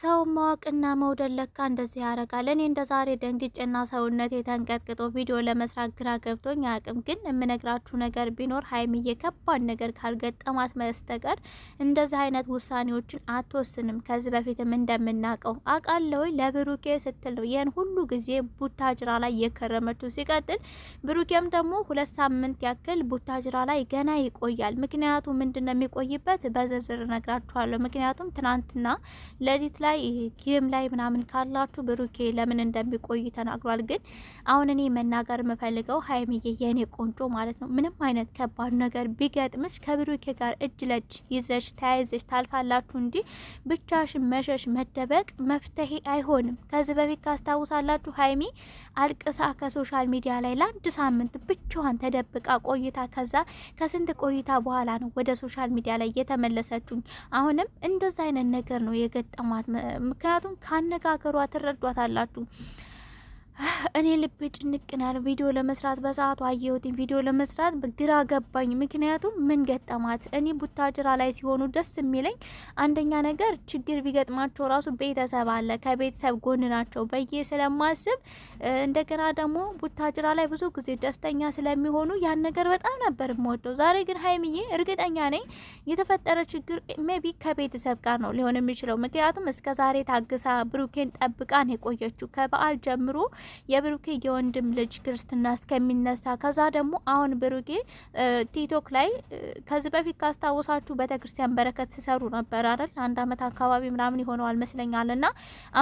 ሰውን ማወቅና መውደድ ለካ እንደዚህ ያደርጋል። እኔ እንደ ዛሬ ደንግጬና ሰውነት የተንቀጥቅጦ ቪዲዮ ለመስራት ግራ ገብቶኝ አያውቅም። ግን የምነግራችሁ ነገር ቢኖር ሀይሚዬ ከባድ ነገር ካልገጠማት መስተቀር እንደዚህ አይነት ውሳኔዎችን አትወስንም። ከዚህ በፊትም እንደምናውቀው አውቃለሁ ለብሩኬ ስትል ነው ይህን ሁሉ ጊዜ ቡታጅራ ላይ የከረመችው። ሲቀጥል ብሩኬም ደግሞ ሁለት ሳምንት ያክል ቡታጅራ ላይ ገና ይቆያል። ምክንያቱ ምንድነው የሚቆይበት በዝርዝር እነግራችኋለሁ። ምክንያቱም ትናንትና ለሊት ላይ ላይ ኪም ላይ ምናምን ካላችሁ ብሩኬ ለምን እንደሚቆይ ተናግሯል። ግን አሁን እኔ መናገር የምፈልገው ሀይሚዬ የእኔ ቆንጆ ማለት ነው ምንም አይነት ከባድ ነገር ቢገጥምሽ ከብሩኬ ጋር እጅ ለእጅ ይዘሽ ተያይዘሽ ታልፋላችሁ እንጂ ብቻሽን መሸሽ መደበቅ መፍትሄ አይሆንም። ከዚህ በፊት ካስታውሳላችሁ ሀይሚ አልቅሳ ከሶሻል ሚዲያ ላይ ለአንድ ሳምንት ብቻዋን ተደብቃ ቆይታ ከዛ ከስንት ቆይታ በኋላ ነው ወደ ሶሻል ሚዲያ ላይ እየተመለሰችኝ። አሁንም እንደዛ አይነት ነገር ነው የገጠማት ምክንያቱም ካነጋገሯ ትረዷታላችሁ። እኔ ልብ ጭንቅናል። ቪዲዮ ለመስራት በሰዓቱ አየሁትኝ። ቪዲዮ ለመስራት ግራ ገባኝ። ምክንያቱም ምን ገጠማት? እኔ ቡታጅራ ላይ ሲሆኑ ደስ የሚለኝ አንደኛ ነገር ችግር ቢገጥማቸው ራሱ ቤተሰብ አለ፣ ከቤተሰብ ጎን ናቸው በዬ ስለማስብ እንደገና ደግሞ ቡታጅራ ላይ ብዙ ጊዜ ደስተኛ ስለሚሆኑ ያን ነገር በጣም ነበር የምወደው። ዛሬ ግን ሀይምዬ እርግጠኛ ነኝ የተፈጠረ ችግር ሜቢ ከቤተሰብ ጋር ነው ሊሆን የሚችለው። ምክንያቱም እስከ ዛሬ ታግሳ ብሩኬን ጠብቃን የቆየችው ከበዓል ጀምሮ የብሩኬ የወንድም ልጅ ክርስትና እስከሚነሳ ከዛ ደግሞ አሁን ብሩኬ ቲክቶክ ላይ ከዚህ በፊት ካስታወሳችሁ ቤተክርስቲያን በረከት ሲሰሩ ነበር አይደል? አንድ አመት አካባቢ ምናምን ይሆነዋል መስለኛል። እና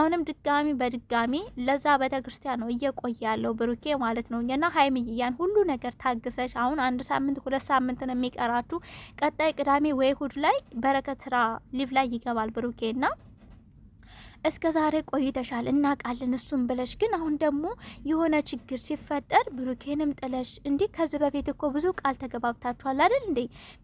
አሁንም ድጋሚ በድጋሚ ለዛ ቤተክርስቲያን ነው እየቆየ ያለው ብሩኬ ማለት ነው። እና ሀይሚዬ ሁሉ ነገር ታግሰሽ አሁን አንድ ሳምንት ሁለት ሳምንት ነው የሚቀራችሁ። ቀጣይ ቅዳሜ ወይ እሁድ ላይ በረከት ስራ ሊቭ ላይ ይገባል ብሩኬ ና እስከ ዛሬ ቆይተሻል እናቃለን እሱም ብለሽ ግን አሁን ደግሞ የሆነ ችግር ሲፈጠር ብሩኬንም ጥለሽ እንዲህ ከዚህ በፊት እኮ ብዙ ቃል ተገባብታችኋል አይደል እንዴ?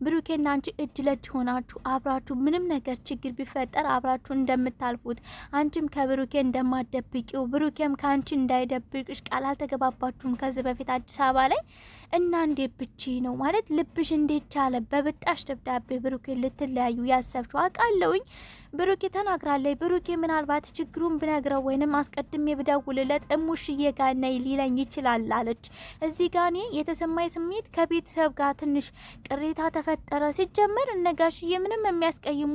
ብሩኬና አንቺ እጅ ለእጅ ሆናችሁ አብራችሁ ምንም ነገር ችግር ቢፈጠር አብራችሁ እንደምታልፉት አንቺም ከብሩኬ እንደማደብቂው ብሩኬም ከአንቺ እንዳይደብቅሽ ቃል አልተገባባችሁም ከዚህ በፊት አዲስ አበባ ላይ እና እንዴት ብቼ ነው ማለት ልብሽ እንዴት ቻለ? በብጣሽ ደብዳቤ ብሩኬ ልትለያዩ ያሰብችው አቃለውኝ። ብሩኬ ተናግራለች። ብሩኬ ምናልባት ችግሩን ብነግረው ወይንም አስቀድሜ ብደውልለት እሙሽዬ ጋር ነይ ሊለኝ ይችላል አለች። እዚህ ጋ እኔ የተሰማኝ ስሜት ከቤተሰብ ጋር ትንሽ ቅሬታ ተፈጠረ። ሲጀመር እነጋሽዬ ምንም የሚያስቀይሙ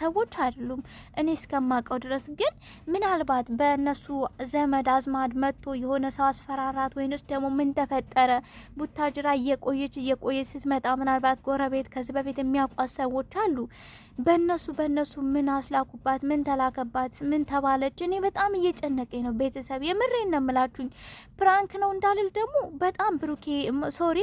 ሰዎች አይደሉም እኔ እስከማውቀው ድረስ። ግን ምናልባት በእነሱ ዘመድ አዝማድ መጥቶ የሆነ ሰው አስፈራራት ወይንስ ደግሞ ምን ተፈጠረ ቡታ ታጅራ እየቆየች እየቆየች ስትመጣ ምናልባት ጎረቤት ከዚህ በፊት የሚያውቋት ሰዎች አሉ። በእነሱ በእነሱ ምን አስላኩባት፣ ምን ተላከባት፣ ምን ተባለች? እኔ በጣም እየጨነቀኝ ነው ቤተሰብ፣ የምሬ ነው ፕራንክ ነው እንዳልል ደግሞ በጣም ብሩኬ ሶሪ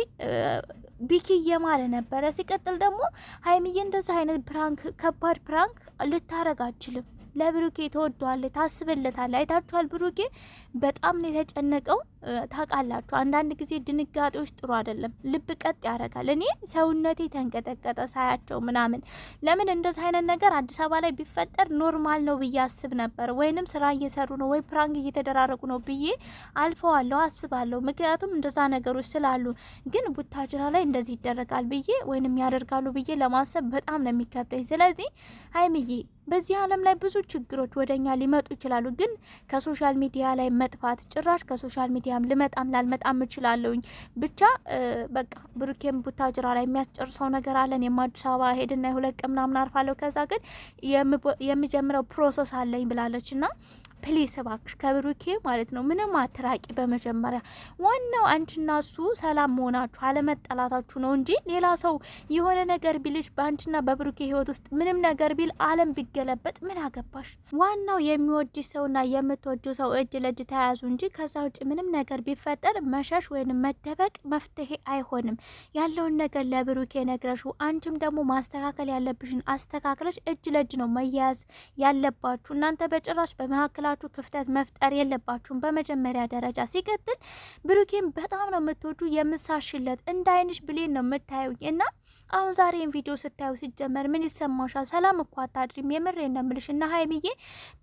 ቢኪ እየማለ ነበረ። ሲቀጥል ደግሞ ሀይሚዬ እንደዚህ አይነት ፕራንክ ከባድ ፕራንክ ልታረግ አችልም። ለብሩኬ ተወዷል፣ ታስብለታል። አይታችኋል፣ ብሩኬ በጣም ነው የተጨነቀው። ታውቃላችሁ አንዳንድ ጊዜ ድንጋጤዎች ጥሩ አይደለም፣ ልብ ቀጥ ያደርጋል። እኔ ሰውነቴ ተንቀጠቀጠ ሳያቸው ምናምን። ለምን እንደዚህ አይነት ነገር አዲስ አበባ ላይ ቢፈጠር ኖርማል ነው ብዬ አስብ ነበር፣ ወይንም ስራ እየሰሩ ነው ወይ ፕራንግ እየተደራረጉ ነው ብዬ አልፈዋለሁ አስባለሁ። ምክንያቱም እንደዛ ነገሮች ስላሉ፣ ግን ቡታጅራ ላይ እንደዚህ ይደረጋል ብዬ ወይንም ያደርጋሉ ብዬ ለማሰብ በጣም ነው የሚከብደኝ። ስለዚህ አይምዬ በዚህ ዓለም ላይ ብዙ ችግሮች ወደኛ ሊመጡ ይችላሉ፣ ግን ከሶሻል ሚዲያ ላይ መጥፋት ጭራሽ ከሶሻል ሚዲያ ወዲያም ልመጣም ላልመጣም እችላለሁኝ። ብቻ በቃ ብሩኬም ቡታጅራ ላይ የሚያስጨርሰው ነገር አለ። እኔም አዲስ አበባ ሄድና የሁለት ቀን ምናምን አርፋለሁ። ከዛ ግን የምጀምረው ፕሮሰስ አለኝ ብላለች ና ፕሌስ እባክሽ ከብሩኬ ማለት ነው ምንም አትራቂ። በመጀመሪያ ዋናው አንቺና እሱ ሰላም መሆናችሁ አለመጠላታችሁ ነው እንጂ ሌላ ሰው የሆነ ነገር ቢልሽ በአንቺና በብሩኬ ህይወት ውስጥ ምንም ነገር ቢል አለም ቢገለበጥ ምን አገባሽ? ዋናው የሚወድ ሰውና የምትወጂው ሰው እጅ ለእጅ ተያያዙ እንጂ ከዛ ውጭ ምንም ነገር ቢፈጠር መሸሽ ወይንም መደበቅ መፍትሄ አይሆንም። ያለውን ነገር ለብሩኬ ነግረሹ፣ አንቺም ደግሞ ማስተካከል ያለብሽን አስተካክለሽ እጅ ለእጅ ነው መያያዝ ያለባችሁ እናንተ በጭራሽ በመካከላ ብላችሁ ክፍተት መፍጠር የለባችሁም በመጀመሪያ ደረጃ። ሲቀጥል ብሩኬን በጣም ነው የምትወዱ የምሳሽለት እንደ አይንሽ ብሌን ነው የምታዩኝ እና አሁን ዛሬን ቪዲዮ ስታዩ ሲጀመር ምን ይሰማሻል? ሰላም እኮ አታድሪም። የምሬ ነው የምልሽ። እና ሀይሚዬ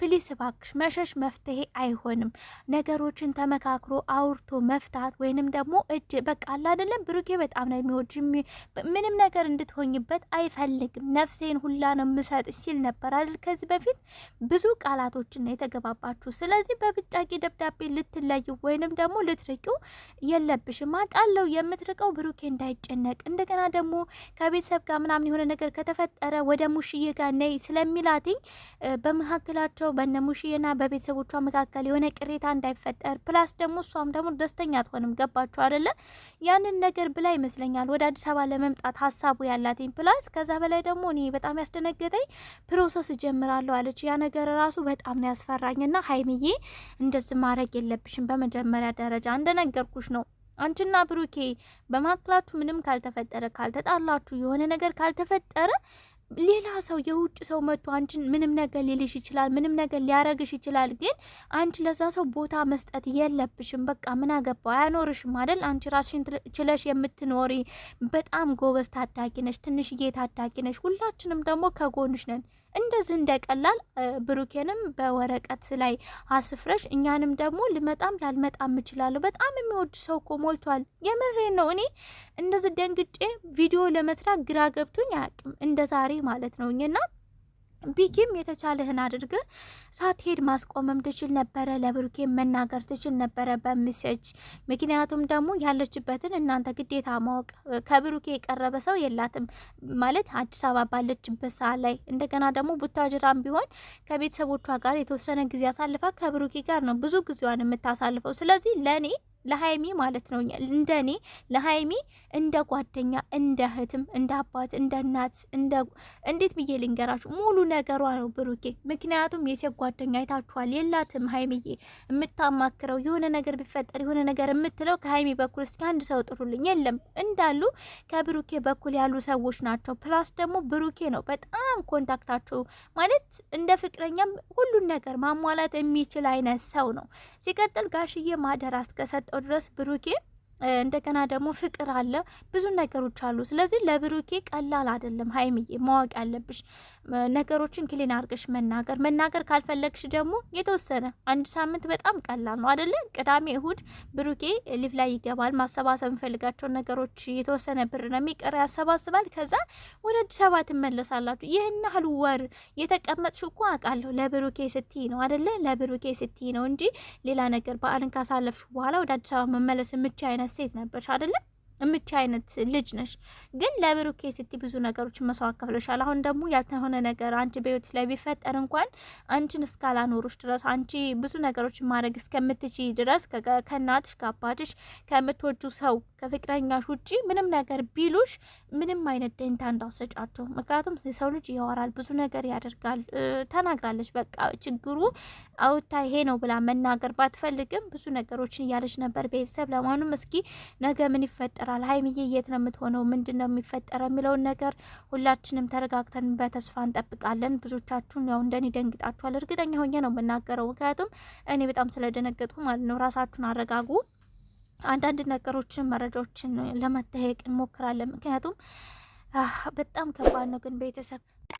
ፕሊስ እባክሽ መሸሽ መፍትሄ አይሆንም። ነገሮችን ተመካክሮ አውርቶ መፍታት ወይንም ደግሞ እጅ በቃ አለ አይደለም። ብሩኬ በጣም ነው የሚወድ ምንም ነገር እንድትሆኝበት አይፈልግም። ነፍሴን ሁላ ነው የምሰጥ ሲል ነበር አይደል? ከዚህ በፊት ብዙ ቃላቶችን የተገባባችሁ። ስለዚህ በብጫቂ ደብዳቤ ልትለዩ ወይንም ደግሞ ልትርቂው የለብሽም። አውቃለሁ የምትርቀው ብሩኬ እንዳይጨነቅ እንደገና ደግሞ ከቤተሰብ ጋር ምናምን የሆነ ነገር ከተፈጠረ ወደ ሙሽዬ ጋር ነይ ስለሚላትኝ በመካከላቸው በነ ሙሽዬና በቤተሰቦቿ መካከል የሆነ ቅሬታ እንዳይፈጠር ፕላስ ደግሞ እሷም ደግሞ ደስተኛ አትሆንም። ገባችሁ አደለ? ያንን ነገር ብላ ይመስለኛል ወደ አዲስ አበባ ለመምጣት ሀሳቡ ያላትኝ። ፕላስ ከዛ በላይ ደግሞ እኔ በጣም ያስደነገጠኝ ፕሮሰስ እጀምራለሁ አለች። ያ ነገር ራሱ በጣም ነው ያስፈራኝና ሀይምዬ እንደዚህ ማድረግ የለብሽም በመጀመሪያ ደረጃ እንደነገርኩሽ ነው አንቺና ብሩኬ በመካከላችሁ ምንም ካልተፈጠረ ካልተጣላችሁ፣ የሆነ ነገር ካልተፈጠረ ሌላ ሰው የውጭ ሰው መጥቶ አንቺን ምንም ነገር ሊልሽ ይችላል፣ ምንም ነገር ሊያረግሽ ይችላል። ግን አንቺ ለዛ ሰው ቦታ መስጠት የለብሽም። በቃ ምን አገባው አያኖርሽም አይደል? አንቺ ራስሽን ችለሽ የምትኖሪ በጣም ጎበዝ ታዳጊ ነሽ፣ ትንሽዬ ታዳጊ ነሽ። ሁላችንም ደግሞ ከጎንሽ ነን። እንደዚህ እንደቀላል ብሩኬንም በወረቀት ላይ አስፍረሽ እኛንም ደግሞ ልመጣም ላልመጣም እችላለሁ። በጣም የሚወድ ሰው እኮ ሞልቷል። የምሬ ነው። እኔ እንደዚህ ደንግጬ ቪዲዮ ለመስራት ግራ ገብቶኝ አያውቅም እንደ ዛሬ ማለት ነው ቢኪም የተቻለህን አድርገ ሳትሄድ ማስቆምም ትችል ነበረ። ለብሩኬ መናገር ትችል ነበረ በምሴጅ። ምክንያቱም ደግሞ ያለችበትን እናንተ ግዴታ ማወቅ ከብሩኬ የቀረበ ሰው የላትም ማለት አዲስ አበባ ባለችበት ሰዓት ላይ እንደገና ደግሞ ቡታጅራም ቢሆን ከቤተሰቦቿ ጋር የተወሰነ ጊዜ አሳልፋ ከብሩኬ ጋር ነው ብዙ ጊዜዋን የምታሳልፈው። ስለዚህ ለእኔ ለሀይሚ ማለት ነው። እንደ እኔ ለሀይሚ እንደ ጓደኛ፣ እንደ እህትም፣ እንደ አባት፣ እንደ እናት እንደ እንዴት ብዬ ልንገራችሁ ሙሉ ነገሯ ነው ብሩኬ። ምክንያቱም የሴት ጓደኛ አይታችኋል፣ የላትም ሀይሚዬ የምታማክረው የሆነ ነገር ቢፈጠር የሆነ ነገር የምትለው ከሀይሚ በኩል እስኪ አንድ ሰው ጥሩልኝ የለም እንዳሉ ከብሩኬ በኩል ያሉ ሰዎች ናቸው። ፕላስ ደግሞ ብሩኬ ነው በጣም ኮንታክታቸው ማለት እንደ ፍቅረኛም ሁሉን ነገር ማሟላት የሚችል አይነት ሰው ነው። ሲቀጥል ጋሽዬ ማደር አስከሰጠው እስከማውቀው ድረስ ብሩኬ እንደገና ደግሞ ፍቅር አለ፣ ብዙ ነገሮች አሉ። ስለዚህ ለብሩኬ ቀላል አይደለም። ሀይሚዬ ማወቅ ያለብሽ ነገሮችን ክሊን አርገሽ መናገር መናገር ካልፈለግሽ ደግሞ የተወሰነ አንድ ሳምንት በጣም ቀላል ነው አደለ? ቅዳሜ እሁድ ብሩኬ ሊፍ ላይ ይገባል። ማሰባሰብ የሚፈልጋቸውን ነገሮች የተወሰነ ብር ነው የሚቀረ ያሰባስባል። ከዛ ወደ አዲስ አበባ ትመለሳላችሁ። ይህን ያህል ወር የተቀመጥሽ እኮ አውቃለሁ። ለብሩኬ ስትይ ነው አደለ? ለብሩኬ ስትይ ነው እንጂ ሌላ ነገር በዓልን ካሳለፍሽ በኋላ ወደ አዲስ አበባ መመለስ የምቻ አይነት ሴት ነበርሽ አይደለም እምቻ አይነት ልጅ ነሽ። ግን ለብሩኬ ስቲ ብዙ ነገሮችን መስዋዕት ከፍለሻል። አሁን ደግሞ ያልተሆነ ነገር አንቺ በህይወት ላይ ቢፈጠር እንኳን አንቺን እስካላኖሩሽ ድረስ አንቺ ብዙ ነገሮችን ማድረግ እስከምትች ድረስ ከእናትሽ፣ ከአባትሽ፣ ከምትወጁ ሰው ከፍቅረኛሽ ውጪ ምንም ነገር ቢሉሽ ምንም አይነት ደንታ እንዳሰጫቸው። ምክንያቱም የሰው ልጅ ያወራል፣ ብዙ ነገር ያደርጋል። ተናግራለች። በቃ ችግሩ አውታ ይሄ ነው ብላ መናገር ባትፈልግም ብዙ ነገሮችን እያለች ነበር። ቤተሰብ ለማኑም እስኪ ነገ ምን ይፈጠ ይፈጠራል? ሀይሚዬ የት ነው የምትሆነው? ምንድን ነው የሚፈጠረው የሚለውን ነገር ሁላችንም ተረጋግተን በተስፋ እንጠብቃለን። ብዙቻችሁን ያው እንደኔ ደንግጣችኋል፣ እርግጠኛ ሆኜ ነው የምናገረው፣ ምክንያቱም እኔ በጣም ስለደነገጥኩ ማለት ነው። ራሳችሁን አረጋጉ። አንዳንድ ነገሮችን መረጃዎችን ለመጠየቅ እንሞክራለን፣ ምክንያቱም በጣም ከባድ ነው ግን ቤተሰብ